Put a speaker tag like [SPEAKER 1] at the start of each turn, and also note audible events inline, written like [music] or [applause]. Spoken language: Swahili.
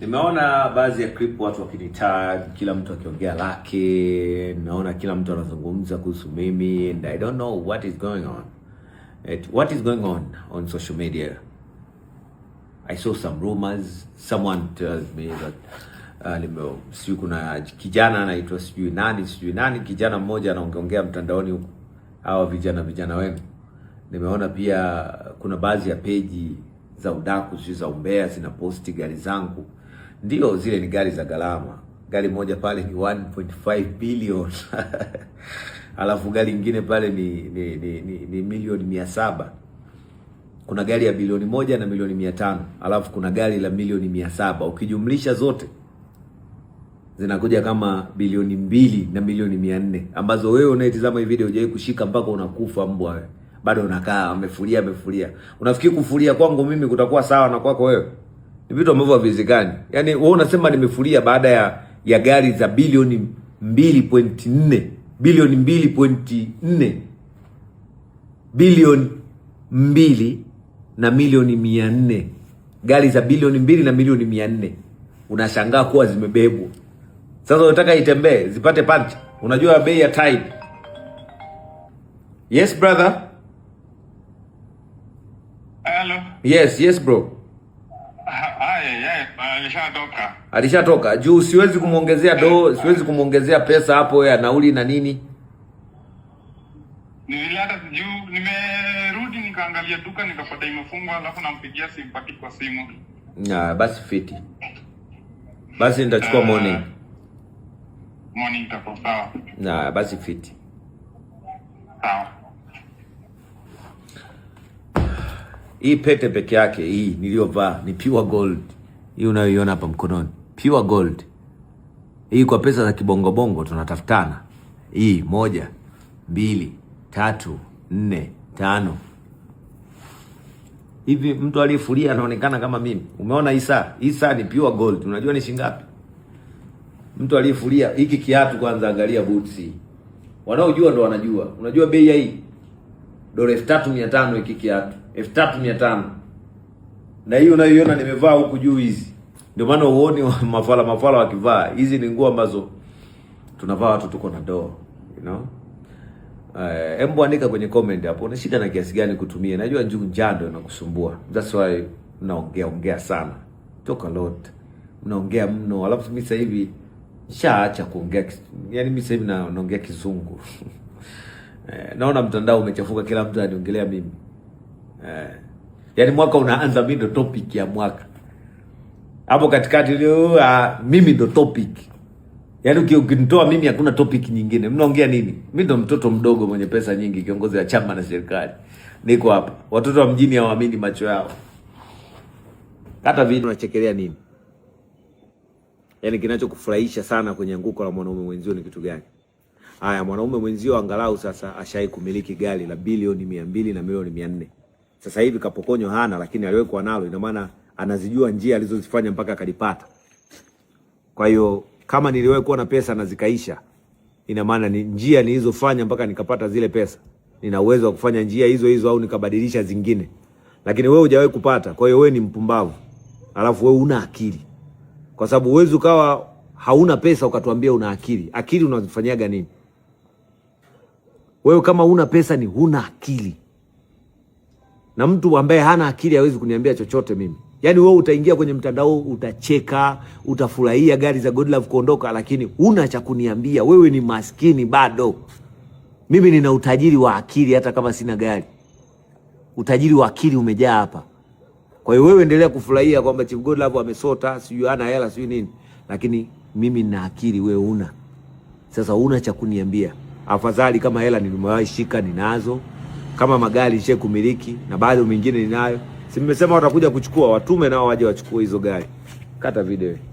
[SPEAKER 1] Nimeona baadhi ya clip watu wakinitag, kila mtu akiongea lake. Naona kila mtu anazungumza kuhusu mimi and I don't know what is going on. It, what is going on on social media? I saw some rumors. Someone tells me that uh, sijui kuna kijana anaitwa sijui nani sijui nani, kijana mmoja anaongeongea mtandaoni huko, hawa vijana vijana wenu. Nimeona pia kuna baadhi ya peji za udaku sijui za umbea zinaposti gari zangu. Ndio, zile ni gari za gharama. Gari moja pale ni 1.5 billion [laughs] alafu gari nyingine pale ni ni, ni, ni, ni milioni mia saba. Kuna gari ya bilioni moja na milioni mia tano alafu kuna gari la milioni mia saba ukijumlisha zote zinakuja kama bilioni mbili na milioni mia nne ambazo wewe unayetizama hii video hujawahi kushika mpaka unakufa mbwa wewe. Bado unakaa amefulia amefulia. Unafikiri kufulia kwangu mimi kutakuwa sawa na kwako wewe? ni vitu ambavyo haviwezekani. Yaani wewe unasema nimefulia baada ya ya gari za bilioni 2.4 bilioni 2.4 bilioni mbili na milioni mia nne gari za bilioni mbili na milioni mia nne unashangaa kuwa zimebebwa. Sasa unataka itembee zipate pancha? Unajua bei ya Tide? Yes brother. Hello. Yes, yes bro.
[SPEAKER 2] Ah, alishatoka,
[SPEAKER 1] alishatoka juu. Siwezi kumwongezea do, eh, siwezi kumwongezea pesa hapo ya nauli na nini.
[SPEAKER 2] Nilileta juu, nimerudi nikaangalia duka nikapata imefungwa, alafu nampigia simpati kwa simu.
[SPEAKER 1] Na basi fiti, basi nitachukua ah, morning
[SPEAKER 2] morning itakuwa sawa.
[SPEAKER 1] Na basi fiti, sawa. Hii pete peke yake hii niliyovaa ni pure gold hii unayoiona hapa mkononi pure gold hii, kwa pesa za kibongobongo tunatafutana hii, moja mbili tatu nne tano hivi. Mtu aliyefulia anaonekana kama mimi. Umeona hii saa, hii saa ni pure gold. Unajua ni shingapi? Mtu aliyefulia hiki kiatu, kwanza angalia boots, hii. wanaojua ndo wanajua. Unajua bei ya hii dola elfu tatu mia tano hiki kiatu elfu tatu mia tano na hii unayoiona nimevaa huku juu, hizi ndio maana uone [laughs] mafala mafala wakivaa hizi. Ni nguo ambazo tunavaa watu tuko na doo, you know. Uh, eh, embo andika kwenye comment hapo, una shida na kiasi gani kutumia? Najua njuu njando inakusumbua, that's why mnaongea ongea sana, talk a lot, mnaongea mno. Alafu mimi sasa hivi nishaacha kuongea, yani mimi sasa hivi naongea kizungu [laughs] eh, naona mtandao umechafuka, kila mtu aniongelea mimi eh yani mwaka unaanza, mimi ndo topic ya mwaka hapo katikati leo, uh, ah, mimi ndo topic. Yaani ukinitoa mimi hakuna topic nyingine. Mnaongea nini? Mimi ndo mtoto mdogo mwenye pesa nyingi, kiongozi wa chama na serikali. Niko hapa. Watoto wa mjini hawaamini macho yao. Hata vipi unachekelea nini? Yaani kinachokufurahisha sana kwenye anguko la mwanaume mwenzio ni kitu gani? Haya, mwanaume mwenzio angalau sasa ashai kumiliki gari la bilioni mia mbili na milioni mia nne sasa hivi kapokonyo hana, lakini aliwekwa nalo, ina maana anazijua njia alizozifanya mpaka akalipata. Kwa hiyo kama niliwahi kuwa na pesa na zikaisha, ina maana ni njia nilizofanya mpaka nikapata zile pesa, nina uwezo wa kufanya njia hizo hizo au nikabadilisha zingine, lakini wewe hujawahi kupata. Kwa hiyo wewe ni mpumbavu, alafu wewe una akili, kwa sababu uwezo ukawa hauna pesa ukatuambia una akili. Akili unazifanyaga nini wewe? Kama una pesa ni huna akili na mtu ambaye hana akili hawezi kuniambia chochote mimi. Yaani wewe utaingia kwenye mtandao utacheka, utafurahia gari za Godlove kuondoka, lakini una cha kuniambia. Wewe ni maskini bado. Mimi nina utajiri wa akili, hata kama sina gari, utajiri wa akili umejaa hapa. Kwa hiyo wewe endelea kufurahia kwamba Chief Godlove amesota, sijui ana hela, sijui nini, lakini mimi nina akili, wewe una. Sasa una cha kuniambia? Afadhali kama hela nilimewahi shika, ninazo kama magari nishe kumiliki na bado mingine ninayo, si mmesema watakuja kuchukua, watume nao waje wachukue hizo gari. Kata video.